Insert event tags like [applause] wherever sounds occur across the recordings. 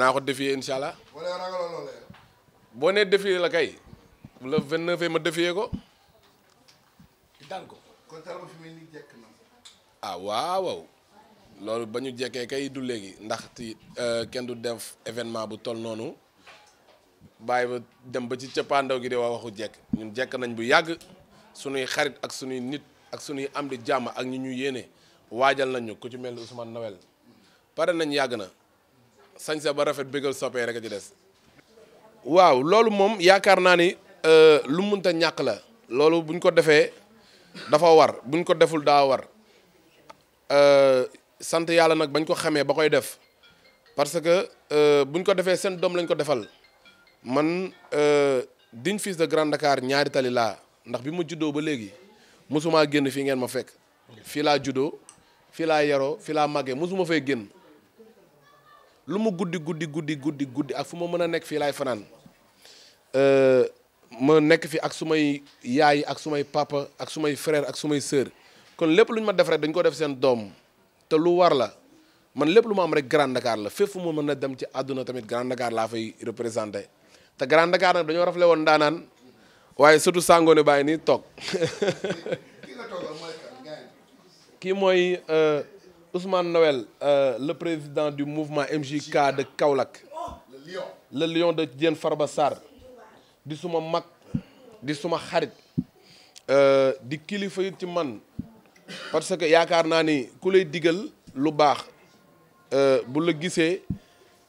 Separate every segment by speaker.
Speaker 1: dinaa ko défier incha allah. boo nee défier la kay. le 29 ma défier ko. daan ko. kon Tarba fi ah waaw loolu ba ñu jekkee kay du léegi ndax ti euh, kenn du def événement bu toll noonu bàyyi ba dem ba ci cëppaandaw gi de waa waxu jekk ñun jekk nañ bu yàgg sunuy xarit ak sunuy nit ak sunuy am di jàmm ak ñi ñu yéene waajal nañ ñu ku ci mel ni nowel pare nañ yàgg na. sañ sa ba rafet bëggal soppee rek a ci des. waaw loolu moom yaakaar naa ni euh, lu munta ñàkk la loolu buñ ko defee dafa war buñ ko deful daa war euh, sant yàlla nag bañ ko ba koy def parce que euh, buñ ko defee seen doom lañ ko man digne fils de Grand Dakar ñaari tali la, ndax bi ma juddoo ba léegi mosuma génn fii ngeen ma fekk fii fay lu mu guddi guddi guddi guddi guddi ak fu ma mën a nekk fii laay fanaan euh, ma nekk fii ak sumay yaay ak sumay papa ak sumay frère ak sumay sœur kon lépp lu ñu ma def rek dañ ko def seen doom te lu war la man lépp lu ma am rek Grand Dakar la fépp fu ma mën a dem ci àdduna tamit Grand Dakar laa fay représenté te Grand Dakar nag dañoo rafle woon ndaanaan waaye surtout Sangoné bàyyi nii toog [laughs] kii mooy euh, Ousmane Noël, euh, le président du mouvement MJK de Kaolack. Le lion. Le lion de Diène Farba Sarr. di suma mak, di suma xarit euh, di kilifa yi ci man parce que yaakaar naa ni ku lay digal lu euh, bu le gissé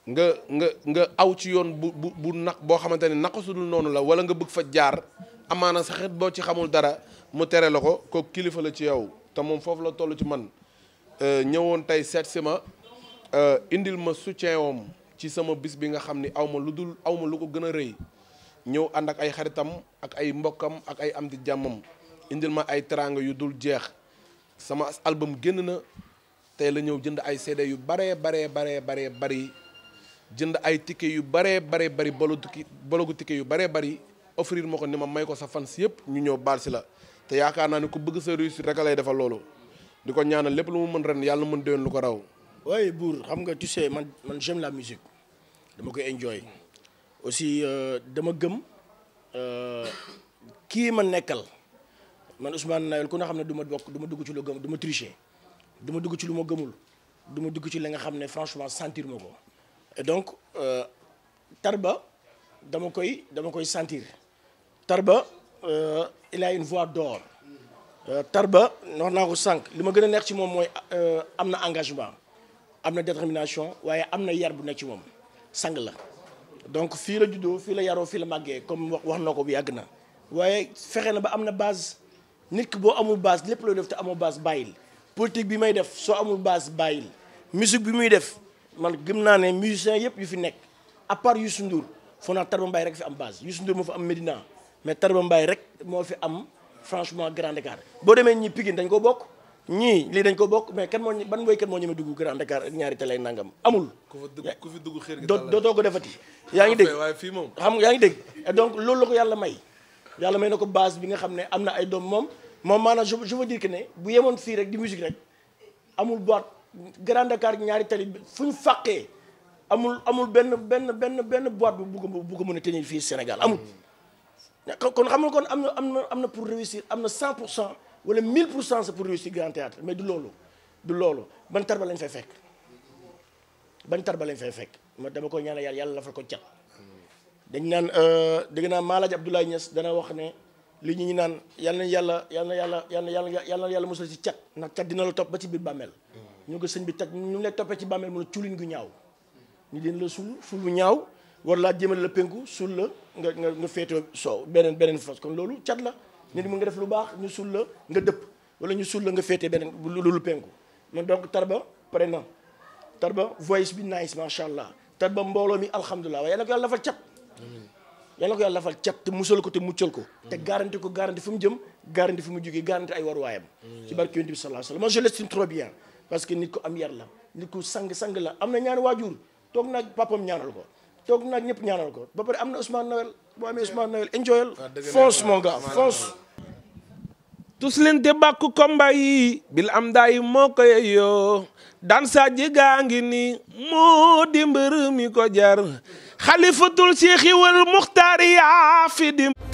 Speaker 1: nga nga nga aw ci yone bu bu nak bo xamanteni xamante ne la wala nga bëgg fa jaar amana sax it boo ci xamul dara mu téré lako ko kilifa la ci yow ta mom fofu la tollu ci man Euh, ñëwoon tey seet si ma euh, indil ma soutien om ci sama bis bi nga xam ni aw ma lu dul aw ma lu ko gën a rëy ñëw ànd ak ay xaritam ak ay mbokkam ak ay am di jàmmam indil ma ay teraanga yu dul jeex sama album génn na tey la ñëw jënd ay CD yu baree baree baree baree bari jënd ay ticket yu baree baree bari bologu bologu ticket yu baree bari offrir ma ko ni ma may ko sa fans yëpp ñu ñëw baal si la te yaakaar naa ne ku bëgg sa réussite rek lay defal loolu. oui Bour
Speaker 2: tu sais j'aime la musique Je suis enjoy aussi euh, dama Qui euh, suis ma nekkal man Ousmane nayel ko ne dugg ci tricher je dugg ci lu mo gëmul duma dugg ci li franchement sentir mako et donc euh, Tarba dama koy dama koy sentir Tarba il a une voix d'or euh, Tarba wax naa ko sànq li ma gën a neex ci moom mooy euh, am engagement am détermination waaye am na yar bu nekk ci moom sang la donc fii la juddoo fii la yaroo fii la màggee comme wax na ko bu yàgg na waaye fexe na ba am base nit ki boo amul base lépp looy def te amoo base bàyyil politique bi may def soo amul base bàyyil musique bi muy def man gëm naa ne musiciens yëpp yu fi nekk à part Youssou Ndour foo Tarba Mbaye rek fi am base Youssou Ndour moo fi am Médina mais Tarba Mbaye rek moo fi am franchement Grand Dakar boo demee ñi Pikine dañ ko bokk ñii lii dañ ko bokk mais kan moo ban woykat moo ñeme dugg Grand Dakar ak ñaari télé nangam amul. ku fa dugg ku fi dugg xër gi dootoo ko defati. yaa ngi dégg ah, waaye fii moom xam yaa ngi dégg donc loolu ko yàlla may yàlla may na ko base bi nga xam ne am na ay doom moom moom maanaam je veux dire que ne bu yemoon fii rek di musique rek amul boîte Grand ñaari tali fu ñu fàqee amul amul benn benn benn benn boîte bu bu ko bu ko mën a tenir fii Sénégal amul. kon on pour réussir 100 ou 1000 c'est pour réussir grand théâtre mais du lolo, du lolo, ban tarba lañ fay ban tarba lañ fay ma dama ko ñaanal fait. Je ko dañ euh, Je Abdoulaye dana wax ne li Je na na na a fait Je ba ci Je ñu ko bi Je war laa jëmale la penku suul la nga nga nga féetoo soow beneen beneen fas kon loolu cat la nit mu nga def lu baax ñu suul la nga dëpp wala ñu suul la nga féetee beneen lu lu penku man donc tarba pare na tarba voice bi nice macha allah tarba mbooloo mi alhamdulilah waaye yàlla ko yàlla lafal cat yàlla ko yàlla lafal cat te musal ko te muccal ko te garanti ko garanti fu mu jëm garanti fu mu jógee garanti ay waruwaayam ci barke yonent bi sallallahu alayhi wa sallam parce que nit ko am yar la nit ku sang sang la am na ñaani waajur toog naag papam ñaanal ko toog naag ñëpp ñaanal ko ba pare am na Ousmane
Speaker 1: Noël bil am daa moo ko yeyoo daan sadji ngi ni moo di mi ko jar xalifatul si xiwal muxtaar yaa fi di